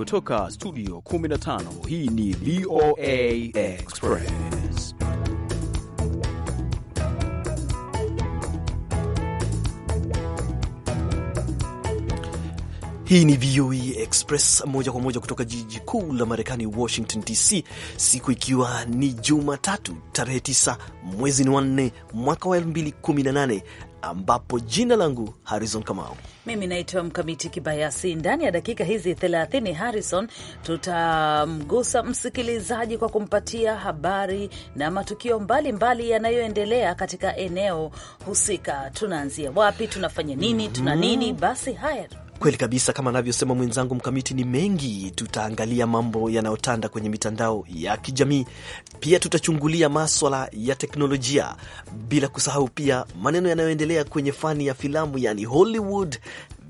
kutoka studio 15 hii ni VOA Express. Hii ni VOA Express moja kwa moja kutoka jiji kuu la Marekani, Washington DC, siku ikiwa ni Jumatatu tarehe 9 mwezi ni wanne mwaka wa 2018 ambapo jina langu Harrison Kamau. Mimi naitwa Mkamiti Kibayasi. Ndani ya dakika hizi 30, Harrison, tutamgusa msikilizaji kwa kumpatia habari na matukio mbalimbali yanayoendelea katika eneo husika. Tunaanzia wapi? Tunafanya nini? Tuna nini? Mhm. Basi haya Kweli kabisa, kama anavyosema mwenzangu Mkamiti, ni mengi. Tutaangalia mambo yanayotanda kwenye mitandao ya kijamii, pia tutachungulia maswala ya teknolojia, bila kusahau pia maneno yanayoendelea kwenye fani ya filamu, yani Hollywood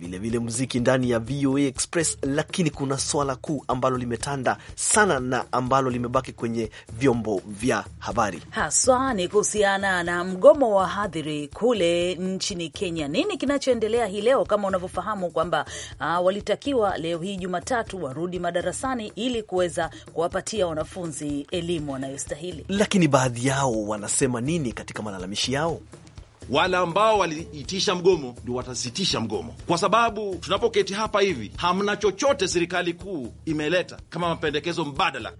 vilevile muziki ndani ya VOA Express, lakini kuna swala kuu ambalo limetanda sana na ambalo limebaki kwenye vyombo vya habari haswa ni kuhusiana na mgomo wa hadhiri kule nchini Kenya. Nini kinachoendelea hii leo? Kama unavyofahamu kwamba uh, walitakiwa leo hii Jumatatu warudi madarasani ili kuweza kuwapatia wanafunzi elimu wanayostahili, lakini baadhi yao wanasema nini katika malalamishi yao? wale ambao waliitisha mgomo ndio watasitisha mgomo, kwa sababu tunapoketi hapa hivi hamna chochote serikali kuu imeleta kama mapendekezo mbadala.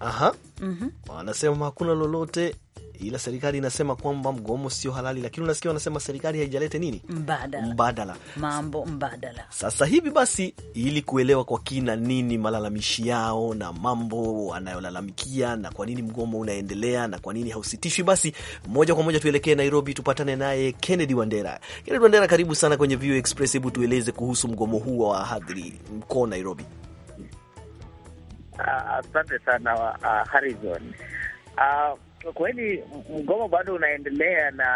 Aha, mhm. wanasema mm -hmm. hakuna lolote ila serikali inasema kwamba mgomo sio halali, lakini unasikia wanasema serikali haijalete nini mbadala, mbadala, mambo mbadala. Sasa hivi basi, ili kuelewa kwa kina nini malalamishi yao na mambo anayolalamikia na kwa nini mgomo unaendelea na kwa nini hausitishwi, basi moja kwa moja tuelekee Nairobi, tupatane naye Kennedy Wandera. Kennedy Wandera, karibu sana kwenye VOA Express. Hebu tueleze kuhusu mgomo huu wa wahadhiri mkoa Nairobi. Ah, asante uh, sana uh, Harrison uh, kwa kweli mgomo bado unaendelea, na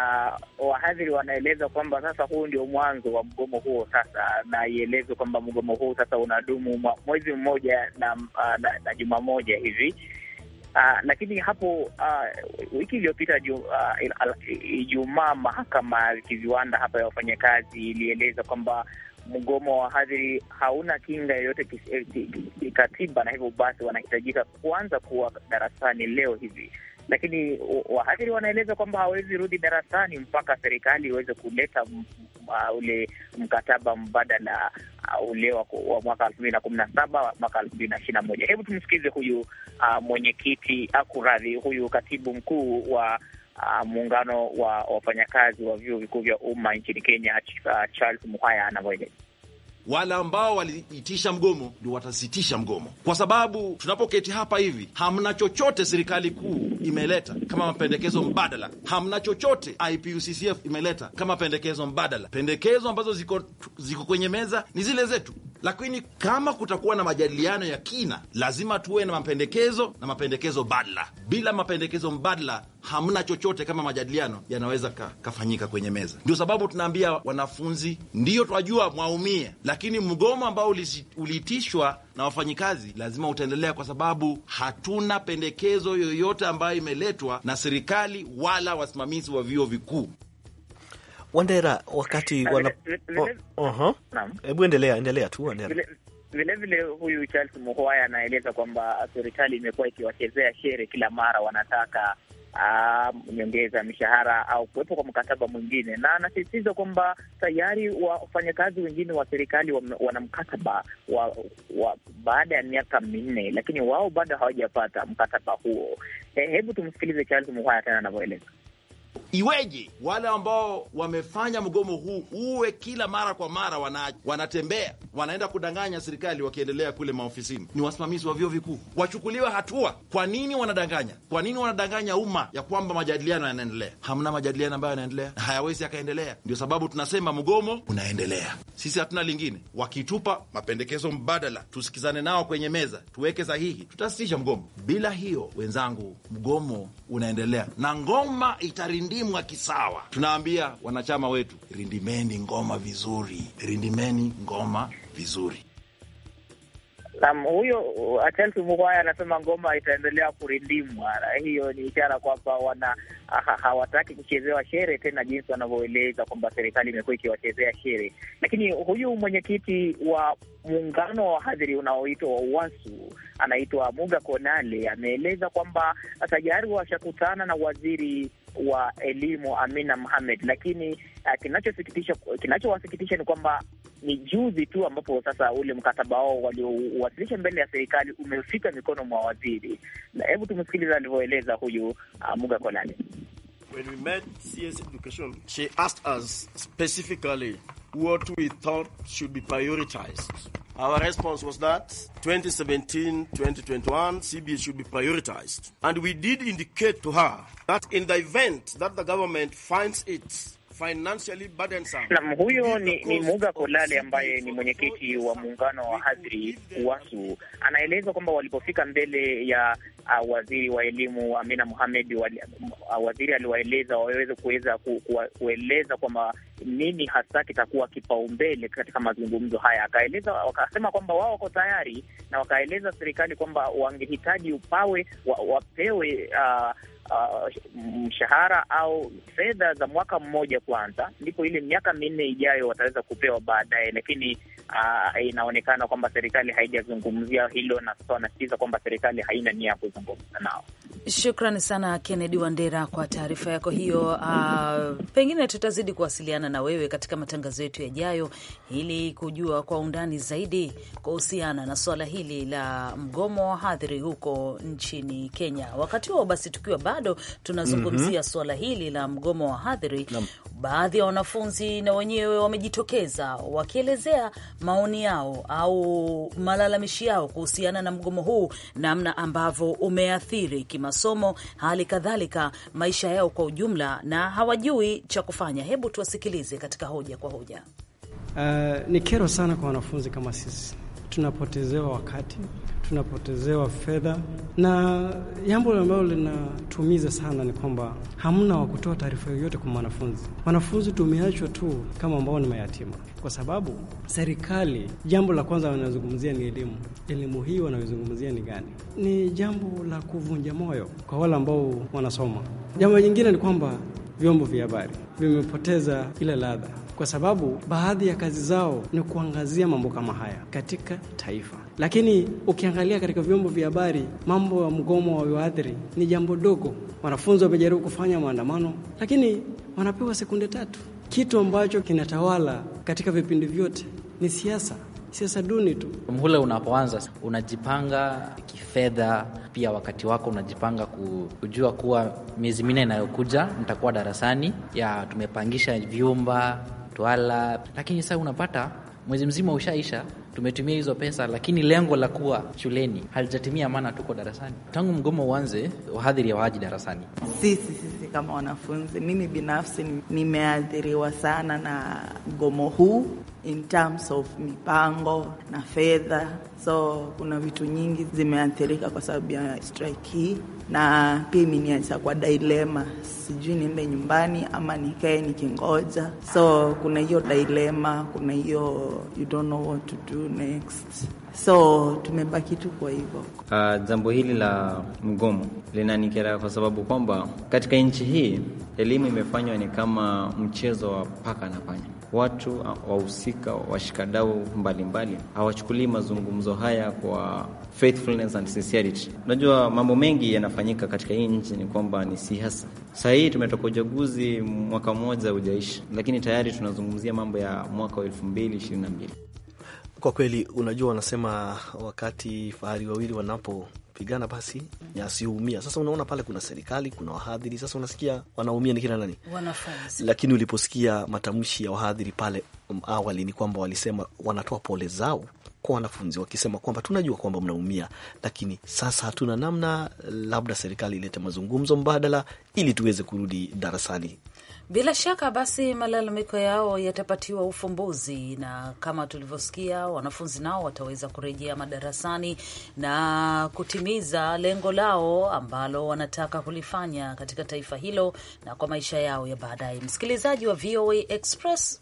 wahadhiri wanaeleza kwamba sasa huu ndio mwanzo wa mgomo huo sasa, na ielezwe kwamba mgomo huu sasa unadumu mwezi mmoja na, na, ah, na, na juma moja hivi. Uh, lakini hapo uh, wiki iliyopita Ijumaa, uh, mahakama ya kiviwanda hapa ya wafanyakazi ilieleza kwamba mgomo wa wahadhiri hauna kinga yoyote eh, kikatiba, na hivyo basi wanahitajika kuanza kuwa darasani leo hivi lakini wahadhiri wanaeleza kwamba hawawezi rudi darasani mpaka serikali iweze kuleta uh, ule mkataba mbadala uh, ule wa mwaka elfu mbili na kumi na saba mwaka elfu mbili na ishirini na moja. Hebu tumsikize huyu uh, mwenyekiti akuradhi, uh, huyu katibu mkuu wa Uh, muungano wa wafanyakazi wa vyuo vikuu vya umma nchini Kenya, uh, Charles Muhaya anavyoeleza wale ambao waliitisha mgomo ndio watasitisha mgomo, kwa sababu tunapoketi hapa hivi hamna chochote serikali kuu imeleta kama mapendekezo mbadala, hamna chochote IPUCCF imeleta kama pendekezo mbadala. Pendekezo ambazo ziko, ziko kwenye meza ni zile zetu. Lakini kama kutakuwa na majadiliano ya kina, lazima tuwe na mapendekezo na mapendekezo mbadala. Bila mapendekezo mbadala hamna chochote kama majadiliano yanaweza ka, kafanyika kwenye meza. Ndio sababu tunaambia wanafunzi, ndiyo twajua mwaumie, lakini mgomo ambao uliitishwa na wafanyikazi lazima utaendelea, kwa sababu hatuna pendekezo yoyote ambayo imeletwa na serikali wala wasimamizi wa vyuo vikuu. Wandera, wakati eh, wana... Oh, uh-huh. Hebu endelea, endelea tu Wandera. Vilevile huyu Charles Muhwaya anaeleza kwamba serikali imekuwa ikiwachezea shere kila mara, wanataka uh, nyongeza mishahara au kuwepo kwa mkataba mwingine, na anasisitiza kwamba tayari wafanyakazi wengine wa serikali wana mkataba wa, wa baada ya miaka minne, lakini wao bado hawajapata mkataba huo. He, eh, hebu tumsikilize Charles Muhwaya tena anavyoeleza iweje wale ambao wamefanya mgomo huu uwe kila mara kwa mara wana, wanatembea wanaenda kudanganya serikali wakiendelea kule maofisini? Ni wasimamizi wa vyuo vikuu wachukuliwe hatua. Kwa nini wanadanganya? Kwa nini wanadanganya umma ya kwamba majadiliano yanaendelea? Hamna majadiliano ambayo yanaendelea na hayawezi yakaendelea. Ndio sababu tunasema mgomo unaendelea, sisi hatuna lingine. Wakitupa mapendekezo mbadala, tusikizane nao kwenye meza, tuweke sahihi, tutasitisha mgomo. Bila hiyo, wenzangu, mgomo unaendelea na ngoma itarindia mwili kisawa. Tunaambia wanachama wetu, rindimeni ngoma vizuri, rindimeni ngoma vizuri. Naam, huyo Chelsea uh, Mugwaya anasema ngoma itaendelea kurindimwa. Hiyo ni ishara kwamba wana ah, ah, hawataki kuchezewa shere tena, jinsi wanavyoeleza kwamba serikali imekuwa ikiwachezea shere. Lakini huyu mwenyekiti wa muungano wa wahadhiri unaoitwa UWASU anaitwa Muga Konale ameeleza kwamba tayari washakutana na waziri wa elimu Amina Mohamed, lakini uh, kinachosikitisha kinachowasikitisha ni kwamba ni juzi tu ambapo sasa ule mkataba wao waliowasilisha mbele ya serikali umefika mikono mwa waziri. Na hebu tumsikiliza alivyoeleza huyu uh, Muga Kolani. When we met CS Education, she asked us specifically what we thought should be prioritized. Our response was that 2017 2021 CBA should be prioritized. And we did indicate to her that in the event that the government finds it financially burdensome. Naam, huyo ni, ni Muga Kolale ambaye ni mwenyekiti wa muungano wa hadhiri wasu anaeleza kwamba walipofika mbele ya uh, waziri wa elimu Amina Mohamed wa, uh, waziri aliwaeleza waweze kuweza ku, ku, kueleza kwamba nini hasa kitakuwa kipaumbele katika mazungumzo haya. Akaeleza wakasema kwamba wao wako tayari na wakaeleza serikali kwamba wangehitaji upawe wa, wapewe uh, uh, mshahara au fedha za mwaka mmoja kwanza, ndipo ile miaka minne ijayo wataweza kupewa baadaye, lakini uh, inaonekana kwamba serikali haijazungumzia hilo, na sasa wanasitiza kwamba serikali haina nia ya kuzungumza nao. Shukran sana Kennedy Wandera kwa taarifa yako hiyo. Uh, pengine tutazidi kuwasiliana na wewe katika matangazo yetu yajayo ili kujua kwa undani zaidi kuhusiana na suala hili la mgomo wa hadhiri huko nchini Kenya. Wakati huo basi, tukiwa bado tunazungumzia mm -hmm. suala hili la mgomo wa hadhiri, baadhi ya wanafunzi na wenyewe wamejitokeza wakielezea maoni yao au malalamishi yao kuhusiana na mgomo huu, namna ambavyo umeathiri kimasomo, hali kadhalika maisha yao kwa ujumla, na hawajui cha kufanya. Hebu tuwasikilize katika hoja kwa hoja. Uh, ni kero sana kwa wanafunzi kama sisi, tunapotezewa wakati tunapotezewa fedha, na jambo ambalo linatumiza sana ni kwamba hamna wa kutoa taarifa yoyote kwa mwanafunzi. Wanafunzi tumeachwa tu kama ambao ni mayatima, kwa sababu serikali, jambo la kwanza wanazungumzia ni elimu. Elimu hii wanaozungumzia ni gani? Ni jambo la kuvunja moyo kwa wale ambao wanasoma. Jambo jingine ni kwamba vyombo vya habari vimepoteza ile ladha kwa sababu baadhi ya kazi zao ni kuangazia mambo kama haya katika taifa. Lakini ukiangalia katika vyombo vya habari, mambo ya mgomo wa wahadhiri ni jambo dogo. Wanafunzi wamejaribu kufanya maandamano, lakini wanapewa sekunde tatu. Kitu ambacho kinatawala katika vipindi vyote ni siasa, siasa duni tu. Mhula unapoanza unajipanga kifedha, pia wakati wako unajipanga kujua kuwa miezi minne inayokuja nitakuwa darasani, ya tumepangisha vyumba twala, lakini sasa unapata mwezi mzima ushaisha, tumetumia hizo pesa, lakini lengo la kuwa shuleni halijatimia, maana tuko darasani. Tangu mgomo uanze, wahadhiri hawaji darasani. Sisi sisi kama wanafunzi, mimi binafsi nimeathiriwa sana na mgomo huu, in terms of mipango na fedha, so kuna vitu nyingi zimeathirika kwa sababu ya strike hii, na pia imeniacha kwa dilema, sijui niende nyumbani ama nikae nikingoja. So kuna hiyo dilema, kuna hiyo you don't know what to do next so tumebaki tu kwa hivyo. Uh, jambo hili la mgomo linanikera kwa sababu kwamba katika nchi hii elimu imefanywa ni kama mchezo wa paka na panya watu wahusika, washikadau mbalimbali hawachukulii mazungumzo haya kwa faithfulness and sincerity. Unajua, mambo mengi yanafanyika katika hii nchi ni kwamba ni siasa. Saa hii tumetoka uchaguzi, mwaka mmoja hujaisha, lakini tayari tunazungumzia mambo ya mwaka wa elfu mbili ishirini na mbili. Kwa kweli, unajua wanasema wakati fahari wawili wanapopigana basi nyasi huumia. Sasa unaona pale kuna serikali, kuna wahadhiri. Sasa unasikia wanaumia ni kina nani? Wanafunzi. Lakini uliposikia matamshi ya wahadhiri pale mm, awali ni kwamba walisema wanatoa pole zao kwa wanafunzi wakisema kwamba tunajua kwamba mnaumia, lakini sasa hatuna namna, labda serikali ilete mazungumzo mbadala ili tuweze kurudi darasani bila shaka basi malalamiko yao yatapatiwa ufumbuzi, na kama tulivyosikia, wanafunzi nao wataweza kurejea madarasani na kutimiza lengo lao ambalo wanataka kulifanya katika taifa hilo na kwa maisha yao ya baadaye. Msikilizaji wa VOA Express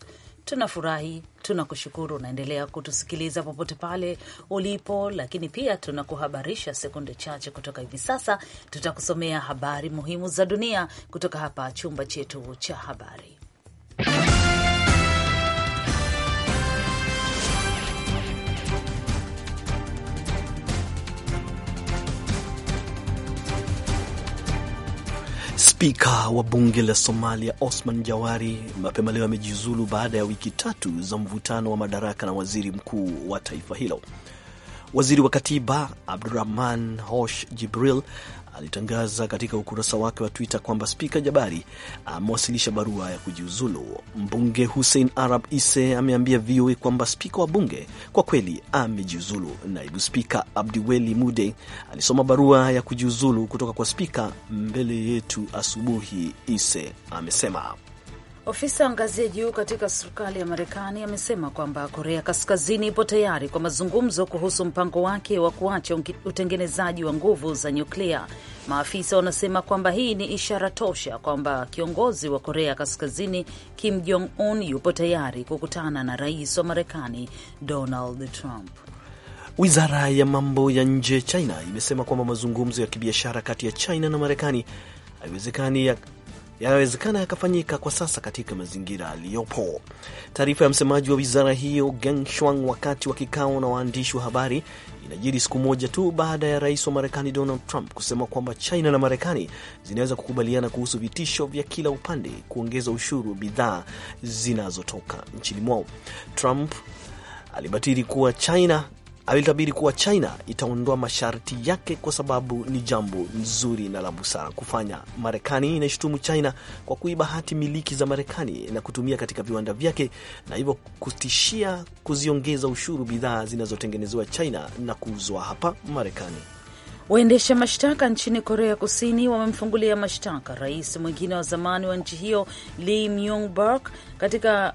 tunafurahi tunakushukuru, unaendelea kutusikiliza popote pale ulipo, lakini pia tunakuhabarisha sekunde chache kutoka hivi sasa, tutakusomea habari muhimu za dunia kutoka hapa chumba chetu cha habari. Spika wa bunge la Somalia Osman Jawari mapema leo amejiuzulu baada ya wiki tatu za mvutano wa madaraka na waziri mkuu wa taifa hilo. Waziri wa Katiba Abdurahman Hosh Jibril alitangaza katika ukurasa wake wa Twitter kwamba Spika Jabari amewasilisha barua ya kujiuzulu. Mbunge Hussein Arab ise ameambia VOA kwamba spika wa bunge kwa kweli amejiuzulu. Naibu spika Abdiweli Mude alisoma barua ya kujiuzulu kutoka kwa spika mbele yetu asubuhi, Ise amesema. Ofisa wa ngazi ya juu katika serikali ya Marekani amesema kwamba Korea Kaskazini ipo tayari kwa mazungumzo kuhusu mpango wake wa kuacha utengenezaji wa nguvu za nyuklia. Maafisa wanasema kwamba hii ni ishara tosha kwamba kiongozi wa Korea Kaskazini Kim Jong Un yupo tayari kukutana na rais wa Marekani Donald Trump. Wizara ya mambo ya nje China imesema kwamba mazungumzo ya kibiashara kati ya China na Marekani haiwezekani yanawezekana yakafanyika kwa sasa katika mazingira aliyopo. Taarifa ya msemaji wa wizara hiyo Geng Shuang wakati wa kikao na waandishi wa habari inajiri siku moja tu baada ya rais wa Marekani Donald Trump kusema kwamba China na Marekani zinaweza kukubaliana kuhusu vitisho vya kila upande kuongeza ushuru wa bidhaa zinazotoka nchini mwao. Trump alibatiri kuwa China alitabiri kuwa China itaondoa masharti yake kwa sababu ni jambo nzuri na la busara kufanya. Marekani inaishutumu China kwa kuiba hati miliki za Marekani na kutumia katika viwanda vyake na hivyo kutishia kuziongeza ushuru bidhaa zinazotengenezewa China na kuuzwa hapa Marekani. Waendesha mashtaka nchini Korea Kusini wamemfungulia mashtaka rais mwingine wa zamani wa nchi hiyo Lee Myung Bak katika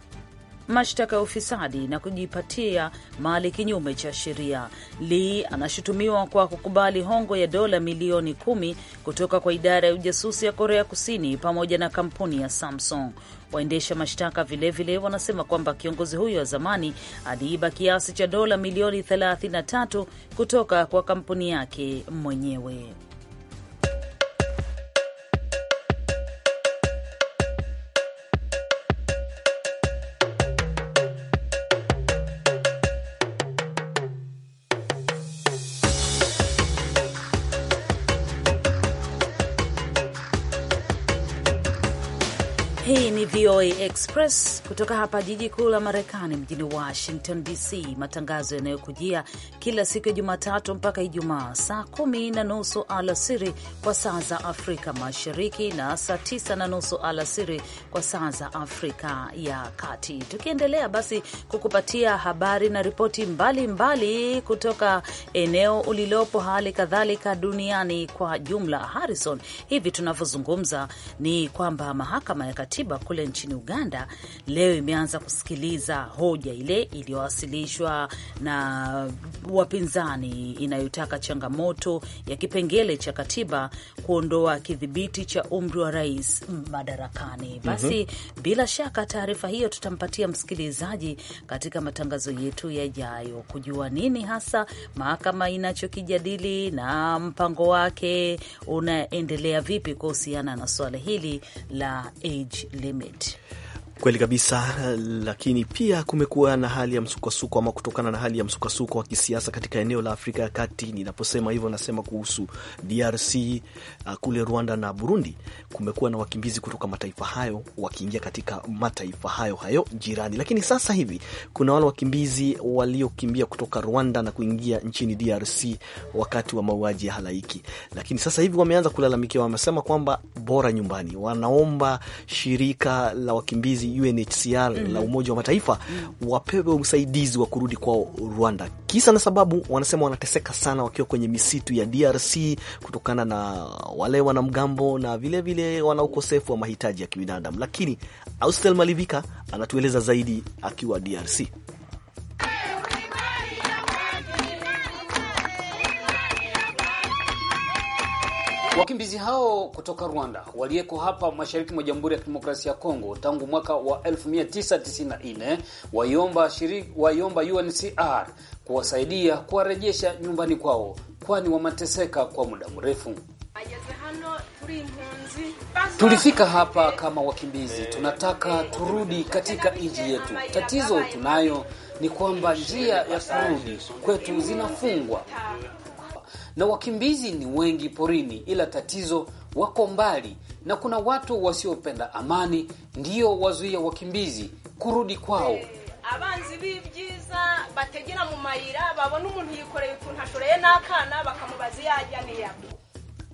mashtaka ya ufisadi na kujipatia mali kinyume cha sheria. Lee anashutumiwa kwa kukubali hongo ya dola milioni kumi kutoka kwa idara ya ujasusi ya Korea Kusini pamoja na kampuni ya Samsung. Waendesha mashtaka vilevile wanasema kwamba kiongozi huyo wa zamani aliiba kiasi cha dola milioni 33 kutoka kwa kampuni yake mwenyewe. VOA Express kutoka hapa jiji kuu la Marekani, mjini Washington DC, matangazo yanayokujia kila siku ya Jumatatu mpaka Ijumaa saa kumi na nusu alasiri kwa saa za Afrika Mashariki na saa tisa na nusu alasiri kwa saa za Afrika ya Kati, tukiendelea basi kukupatia habari na ripoti mbalimbali kutoka eneo ulilopo, hali kadhalika duniani kwa jumla. Harrison, hivi tunavyozungumza ni kwamba mahakama ya katiba kule nchini nchini Uganda leo imeanza kusikiliza hoja ile iliyowasilishwa na wapinzani inayotaka changamoto ya kipengele cha katiba kuondoa kidhibiti cha umri wa rais madarakani. Mhm. Basi mm -hmm. bila shaka taarifa hiyo tutampatia msikilizaji katika matangazo yetu yajayo kujua nini hasa mahakama inachokijadili na mpango wake unaendelea vipi kuhusiana na suala hili la age limit. Kweli kabisa, lakini pia kumekuwa na hali ya msukosuko ama kutokana na hali ya msukosuko wa kisiasa katika eneo la Afrika ya Kati. Ninaposema hivyo, nasema kuhusu DRC, ah, kule Rwanda na Burundi. Kumekuwa na wakimbizi kutoka mataifa hayo wakiingia katika mataifa hayo hayo jirani, lakini sasa hivi kuna wale wakimbizi waliokimbia kutoka Rwanda na kuingia nchini DRC wakati wa mauaji ya halaiki, lakini sasa hivi wameanza kulalamikia, wamesema kwamba bora nyumbani. Wanaomba shirika la wakimbizi viongozi UNHCR mm -hmm. la Umoja wa Mataifa mm -hmm. wapewe usaidizi wa kurudi kwao Rwanda. Kisa na sababu, wanasema wanateseka sana wakiwa kwenye misitu ya DRC kutokana na wale wanamgambo na vilevile wana ukosefu wa mahitaji ya kibinadamu. Lakini Austel Malivika anatueleza zaidi akiwa DRC. Wakimbizi hao kutoka Rwanda waliyeko hapa mashariki mwa Jamhuri ya Kidemokrasia ya Kongo tangu mwaka wa 1994 waiomba uncr waiomba UNHCR kuwasaidia kuwarejesha nyumbani kwao, kwani wameteseka kwa muda mrefu. Tulifika hapa kama wakimbizi, tunataka turudi katika nchi yetu. Tatizo tunayo ni kwamba njia ya kurudi kwetu zinafungwa na wakimbizi ni wengi porini, ila tatizo wako mbali, na kuna watu wasiopenda amani ndio wazuia wakimbizi kurudi kwao. Eh, abanzi b'ibyiza bategera mu mayira babona umuntu yikoreye ukuntu ashoreye n'akana bakamubaza iyo ajya niya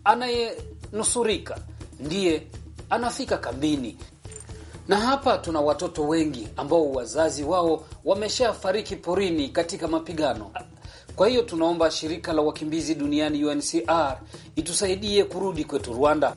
anayenusurika ndiye anafika kambini na hapa tuna watoto wengi ambao wazazi wao wameshafariki porini katika mapigano. Kwa hiyo tunaomba shirika la wakimbizi duniani UNHCR itusaidie kurudi kwetu Rwanda.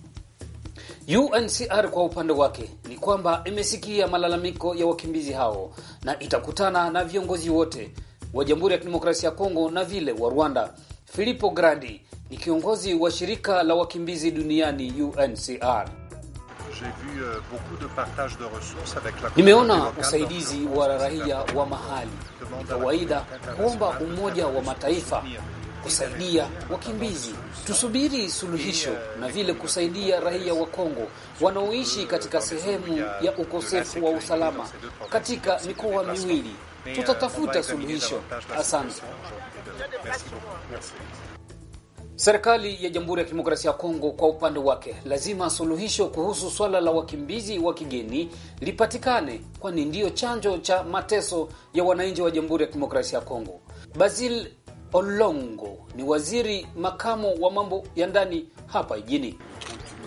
UNHCR kwa upande wake ni kwamba imesikia malalamiko ya wakimbizi hao na itakutana na viongozi wote wa Jamhuri ya Kidemokrasia ya Kongo na vile wa Rwanda. Filippo Grandi ni kiongozi wa shirika la wakimbizi duniani UNHCR. Euh, Nimeona usaidizi wa raia wa mahali. Ni kawaida kuomba Umoja wa Mataifa kusaidia wakimbizi. Tusubiri suluhisho na vile eh, kusaidia eh, raia wa Kongo wanaoishi katika sehemu ya ukosefu wa usalama katika mikoa miwili. Euh, Tutatafuta suluhisho. Asante. Serikali ya Jamhuri ya Kidemokrasia ya Kongo kwa upande wake lazima suluhisho kuhusu swala la wakimbizi wa kigeni lipatikane, kwani ndiyo chanjo cha mateso ya wananchi wa Jamhuri ya Kidemokrasia ya Kongo. Basil Olongo ni waziri makamo wa mambo ya ndani hapa jijini.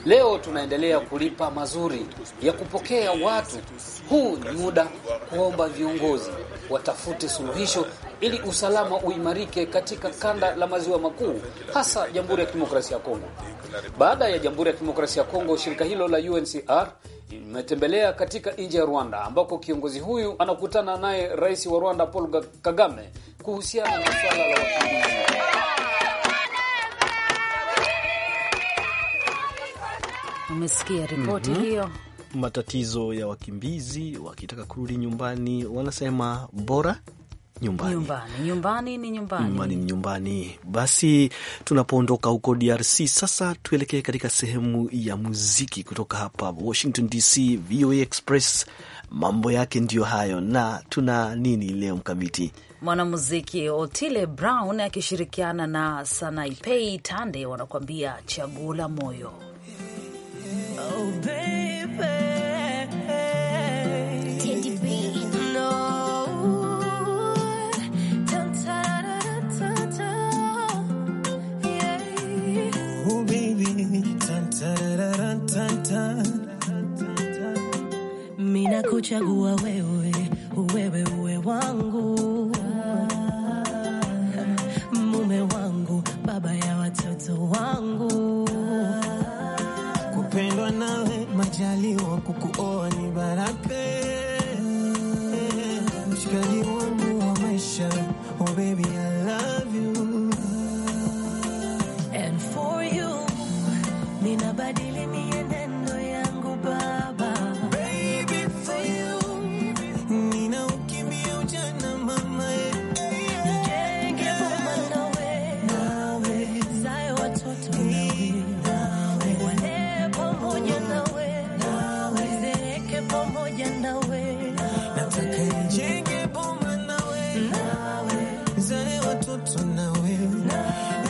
Leo tunaendelea kulipa mazuri ya kupokea watu. Huu ni muda kuomba viongozi watafute suluhisho ili usalama uimarike katika kanda la maziwa makuu, hasa Jamhuri ya Kidemokrasia ya Kongo. Baada ya Jamhuri ya Kidemokrasia ya Kongo, shirika hilo la UNCR imetembelea katika nchi ya Rwanda, ambako kiongozi huyu anakutana naye rais wa Rwanda Paul Kagame kuhusiana na swala la wakimbizi. Umesikia ripoti mm -hmm. hiyo matatizo ya wakimbizi wakitaka kurudi nyumbani wanasema bora Nyumbani. Nyumbani. Nyumbani ni nyumbani. Nyumbani ni nyumbani. Basi tunapoondoka huko DRC sasa tuelekee katika sehemu ya muziki kutoka hapa Washington DC, VOA Express. Mambo yake ndiyo hayo, na tuna nini leo mkamiti? Mwanamuziki Otile Brown akishirikiana na Sanaipei Tande wanakuambia chagula moyo. Oh, baby. kuchagua wewe, wewe uwe wangu, mume wangu, baba ya watoto wangu, kupendwa nawe, majaliwa kukuoa out on will.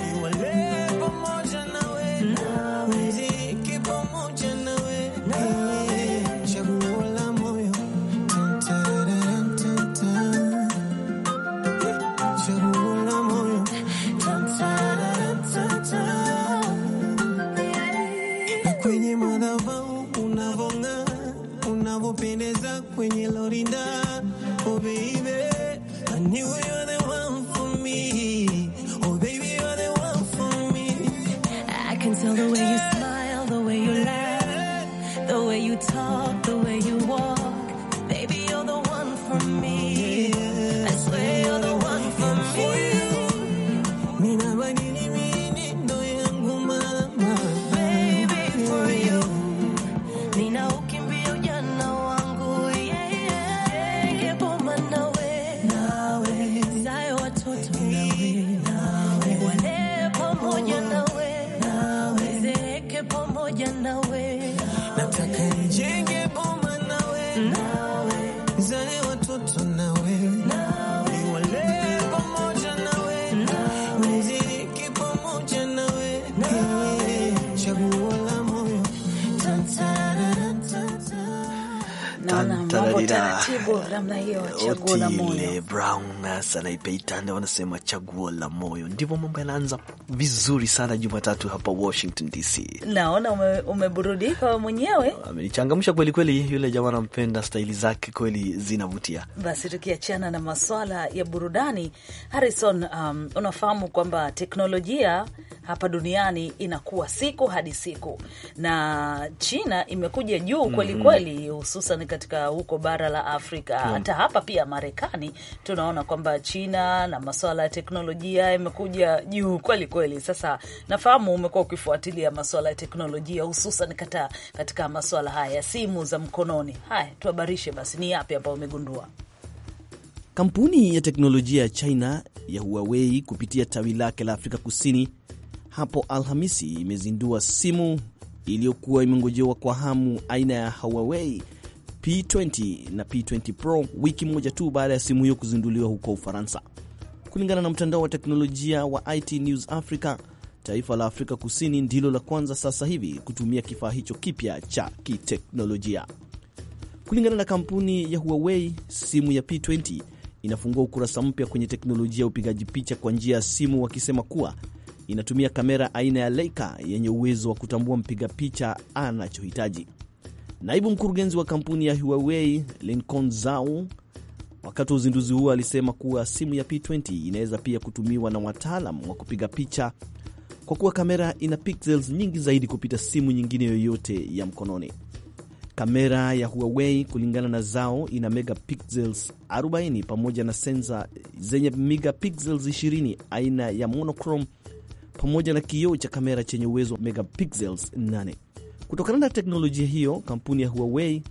da taratibu chaguo wanasema chaguo la moyo. Ndivyo mambo yanaanza vizuri sana Jumatatu hapa Washington DC. Naona umeburudika ume mwenyewe, amenichangamsha kweli kweli. Yule jamaa anampenda staili zake kweli zinavutia. Basi tukiachana na maswala ya burudani, Harrison, um, unafahamu kwamba teknolojia hapa duniani inakuwa siku hadi siku, na China imekuja juu kweli mhm. kweli, hususan katika huko bara la Afrika hmm. Hata hapa pia Marekani tunaona kwamba China na masuala ya teknolojia yamekuja juu kweli kweli. Sasa nafahamu umekuwa ukifuatilia masuala ya teknolojia hususan kata katika masuala haya ya simu za mkononi. Haya, tuhabarishe basi, ni yapi ambayo umegundua? Kampuni ya teknolojia ya China ya Huawei kupitia tawi lake la Afrika Kusini hapo Alhamisi imezindua simu iliyokuwa imengojewa kwa hamu aina ya Huawei na P20 Pro wiki moja tu baada ya simu hiyo kuzinduliwa huko Ufaransa. Kulingana na mtandao wa teknolojia wa IT News Africa, taifa la Afrika Kusini ndilo la kwanza sasa hivi kutumia kifaa hicho kipya cha kiteknolojia. Kulingana na kampuni ya Huawei, simu ya P20 inafungua ukurasa mpya kwenye teknolojia ya upigaji picha kwa njia ya simu, wakisema kuwa inatumia kamera aina ya Leica yenye uwezo wa kutambua mpiga picha anachohitaji. Naibu mkurugenzi wa kampuni ya Huawei Lincoln Zhao wakati wa uzinduzi huo alisema kuwa simu ya P20 inaweza pia kutumiwa na wataalam wa kupiga picha kwa kuwa kamera ina pixels nyingi zaidi kupita simu nyingine yoyote ya mkononi. Kamera ya Huawei kulingana na Zao ina megapixels 40 pamoja na sensa zenye megapixels 20 aina ya monochrome pamoja na kioo cha kamera chenye uwezo wa megapixels 8. Kutokana na teknolojia hiyo, kampuni ya Huawei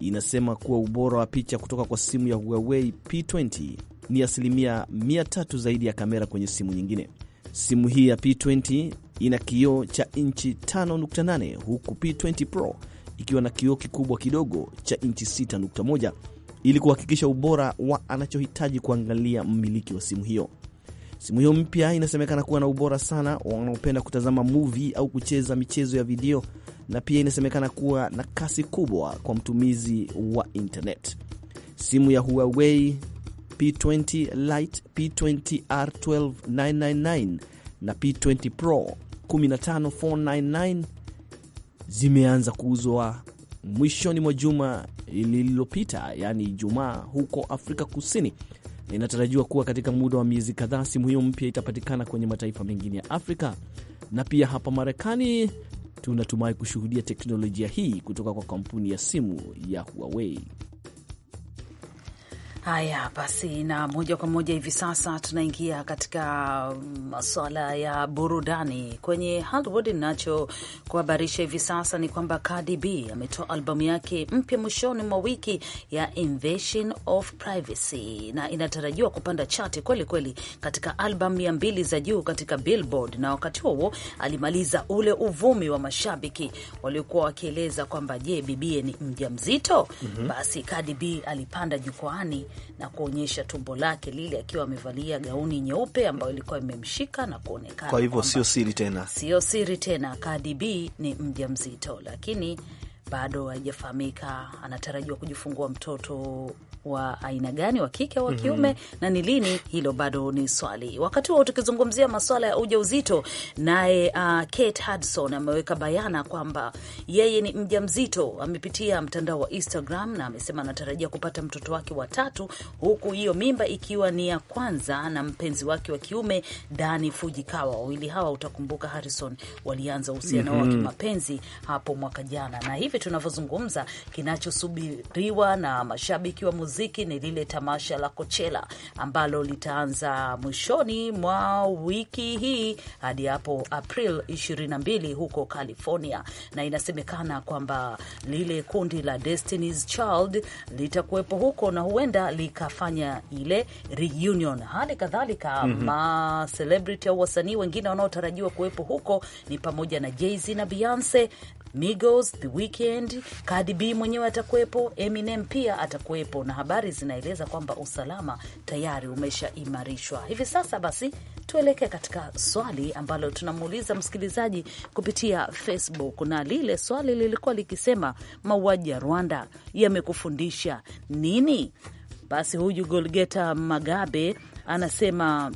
inasema kuwa ubora wa picha kutoka kwa simu ya Huawei P20 ni asilimia 300 zaidi ya kamera kwenye simu nyingine. Simu hii ya P20 ina kioo cha inchi 5.8 huku P20 Pro ikiwa na kioo kikubwa kidogo cha inchi 6.1 ili kuhakikisha ubora wa anachohitaji kuangalia mmiliki wa simu hiyo. Simu hiyo mpya inasemekana kuwa na ubora sana wanaopenda kutazama movie au kucheza michezo ya video na pia inasemekana kuwa na kasi kubwa kwa mtumizi wa internet. Simu ya Huawei P20 Lite, P20 R12 999 na P20 Pro 15499 zimeanza kuuzwa mwishoni mwa juma lililopita, yaani Ijumaa, huko Afrika Kusini. Inatarajiwa kuwa katika muda wa miezi kadhaa simu hiyo mpya itapatikana kwenye mataifa mengine ya Afrika na pia hapa Marekani tunatumai kushuhudia teknolojia hii kutoka kwa kampuni ya simu ya Huawei. Haya basi, na moja kwa moja hivi sasa tunaingia katika mm, masuala ya burudani kwenye Hollywood. Nacho kuhabarisha hivi sasa ni kwamba Cardi B ametoa albamu yake mpya mwishoni mwa wiki ya Invasion of Privacy na inatarajiwa kupanda chati kweli kweli katika albamu ya mbili za juu katika Billboard, na wakati huo alimaliza ule uvumi wa mashabiki waliokuwa wakieleza kwamba je, bibie ni mjamzito? mm -hmm. Basi Cardi B alipanda jukwaani na kuonyesha tumbo lake lile akiwa amevalia gauni nyeupe ambayo ilikuwa imemshika na kuonekana. Kwa hivyo sio siri tena, sio siri tena, Cardi B ni mjamzito, lakini bado haijafahamika anatarajiwa kujifungua mtoto wa aina gani, wa kike, wa mhm. kiume mm -hmm. na ni lini, hilo bado ni swali. Wakati huo tukizungumzia masuala ya ujauzito, naye uh, Kate Hudson ameweka bayana kwamba yeye ni mja mzito Amepitia mtandao wa Instagram na amesema anatarajia kupata mtoto wake wa tatu, huku hiyo mimba ikiwa ni ya kwanza na mpenzi wake wa kiume Dani Fujikawa. Wawili hawa, utakumbuka Harrison, walianza uhusiano mm -hmm. wa mhm. kimapenzi hapo mwaka jana na hivi tunavyozungumza, kinachosubiriwa na mashabiki wa muziki ni lile tamasha la Coachella ambalo litaanza mwishoni mwa wiki hii hadi hapo April 22 huko California, na inasemekana kwamba lile kundi la Destiny's Child litakuwepo huko na huenda likafanya ile reunion. Hali kadhalika mm -hmm. ma au wasanii wengine wanaotarajiwa kuwepo huko ni pamoja na Jay-Z na Beyonce Migos, The Weeknd, Cardi B mwenyewe atakuwepo, Eminem pia atakuwepo, na habari zinaeleza kwamba usalama tayari umeshaimarishwa hivi sasa. Basi tuelekee katika swali ambalo tunamuuliza msikilizaji kupitia Facebook, na lile swali lilikuwa likisema mauaji ya Rwanda yamekufundisha nini? Basi huyu Golgeta Magabe anasema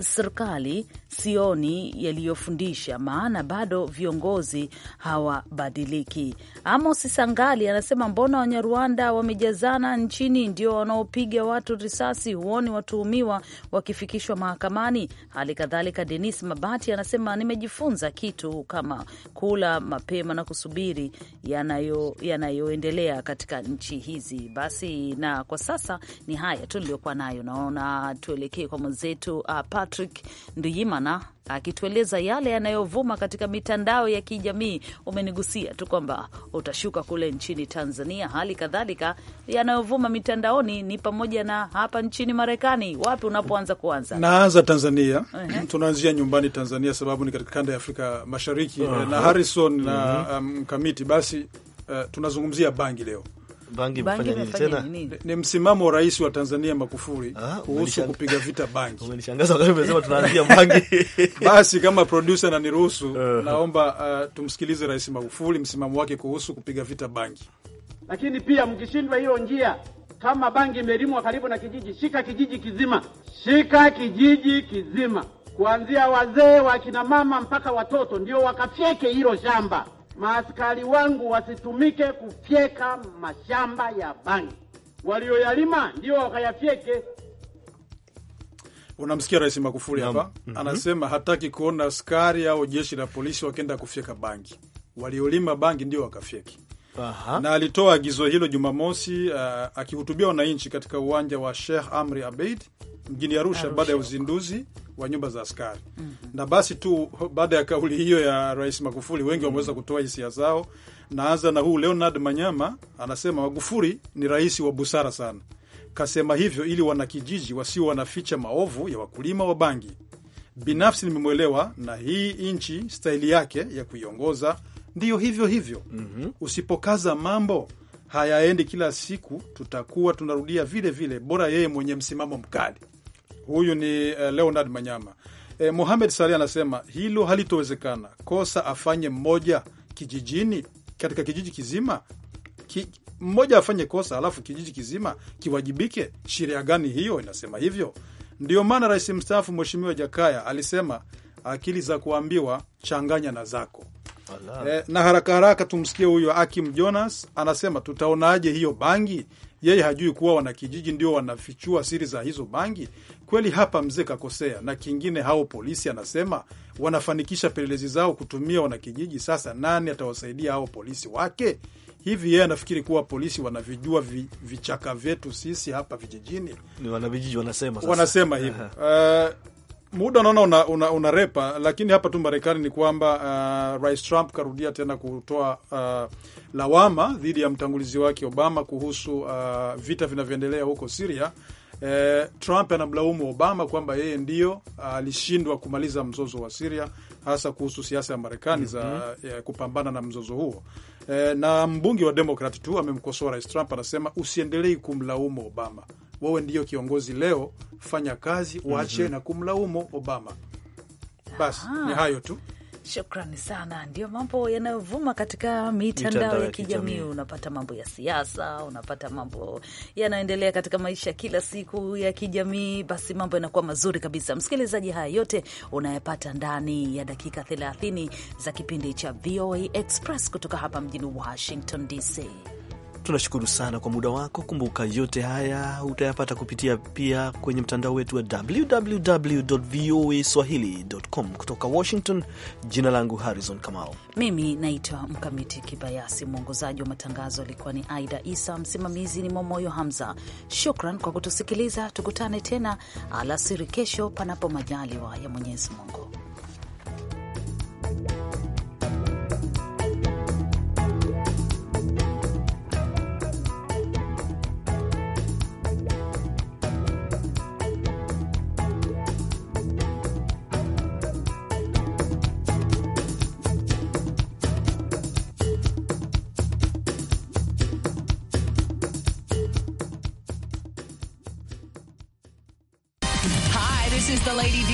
serikali sioni yaliyofundisha, maana bado viongozi hawabadiliki. Amos Sangali anasema mbona Wanyarwanda wamejazana nchini, ndio wanaopiga watu risasi, huoni watuhumiwa wakifikishwa mahakamani? Hali kadhalika Denis Mabati anasema nimejifunza kitu kama kula mapema na kusubiri yanayo yanayoendelea katika nchi hizi. Basi na kwa sasa ni haya tu niliyokuwa nayo, naona tuelekee kwa mwenzetu uh, Patrick Nduyima sana akitueleza yale yanayovuma katika mitandao ya kijamii. Umenigusia tu kwamba utashuka kule nchini Tanzania, hali kadhalika yanayovuma mitandaoni ni pamoja na hapa nchini Marekani. Wapi unapoanza kuanza? Naanza Tanzania. uh -huh. Tunaanzia nyumbani Tanzania, sababu ni katika kanda ya Afrika Mashariki. uh eh, -huh. na Harrison na mhm. um, mkamiti um, basi uh, tunazungumzia bangi leo bangi bangi tena ni msimamo wa rais wa Tanzania Magufuli ah, kuhusu kupiga vita bangi. Umenishangaza wakati umesema tunaanzia bangi. Basi kama producer na niruhusu, naomba uh, tumsikilize Rais Magufuli msimamo wake kuhusu kupiga vita bangi. Lakini pia mkishindwa hiyo njia, kama bangi imelimwa karibu na kijiji, shika kijiji kizima, shika kijiji kizima, kuanzia wazee, kina mama mpaka watoto, ndio wakafyeke hilo shamba maaskari wangu wasitumike kufyeka mashamba ya bangi, walioyalima ndio wakayafyeke. Unamsikia Rais Magufuli hapa mm -hmm. Anasema hataki kuona askari au jeshi la polisi wakenda kufyeka bangi, waliolima bangi ndio wakafyeki. Aha. na alitoa agizo hilo Jumamosi uh, akihutubia wananchi katika uwanja wa Sheikh Amri Abeid mjini Arusha baada ya uzinduzi wa nyumba za askari mm -hmm. Na basi tu baada ya kauli hiyo ya Rais Magufuli wengi mm -hmm. wameweza kutoa hisia zao. Naanza na huu Leonard Manyama anasema Magufuli ni rais wa busara sana, kasema hivyo ili wanakijiji wasio wanaficha maovu ya wakulima wa bangi. Binafsi nimemwelewa na hii nchi staili yake ya kuiongoza ndiyo hivyo hivyo. mm -hmm. Usipokaza mambo hayaendi, kila siku tutakuwa tunarudia vile vile. Bora yeye mwenye msimamo mkali. Huyu ni uh, Leonard Manyama. Eh, Muhamed Sali anasema hilo halitowezekana. Kosa afanye mmoja kijijini, katika kijiji kizima ki, mmoja afanye kosa alafu kijiji kizima kiwajibike. Sheria gani hiyo inasema hivyo? Ndio maana rais mstaafu Mheshimiwa Jakaya alisema akili za kuambiwa changanya na zako eh, na haraka haraka tumsikie huyo Akim Jonas anasema tutaonaje hiyo bangi? Yeye hajui kuwa wanakijiji ndio wanafichua siri za hizo bangi. Kweli hapa mzee kakosea. Na kingine, hao polisi anasema wanafanikisha pelelezi zao kutumia wanakijiji. Sasa nani atawasaidia hao polisi wake? Hivi yeye anafikiri kuwa polisi wanavijua vi, vichaka vyetu sisi hapa vijijini? Ni wanavijiji wanasema, sasa wanasema hivyo muda unaona una, una, una repa, lakini hapa tu Marekani ni kwamba uh, Rais Trump karudia tena kutoa uh, lawama dhidi ya mtangulizi wake Obama kuhusu uh, vita vinavyoendelea huko Siria. Uh, Trump anamlaumu Obama kwamba yeye ndio uh, alishindwa uh, kumaliza mzozo wa Syria hasa kuhusu siasa ya Marekani mm -hmm. za mhm. kupambana na mzozo huo. uh, na mbunge wa Demokrat tu amemkosoa Rais Trump, anasema usiendelei kumlaumu Obama wewe ndiyo kiongozi leo, fanya kazi, uache mm -hmm. na kumlaumu Obama. Basi ni hayo tu. Shukrani sana. ndio mambo yanayovuma katika mitandao ya kijamii. Unapata mambo ya siasa, unapata mambo yanayoendelea katika maisha kila siku ya kijamii, basi mambo yanakuwa mazuri kabisa. Msikilizaji, haya yote unayapata ndani ya dakika 30 za kipindi cha VOA Express kutoka hapa mjini Washington DC. Tunashukuru sana kwa muda wako. Kumbuka yote haya utayapata kupitia pia kwenye mtandao wetu wa www voa swahili.com. Kutoka Washington, jina langu Harrison Kamau. Mimi naitwa Mkamiti Kibayasi. Mwongozaji wa matangazo alikuwa ni Aida Isa, msimamizi ni Momoyo Hamza. Shukran kwa kutusikiliza. Tukutane tena alasiri kesho, panapo majaliwa ya Mwenyezi Mungu.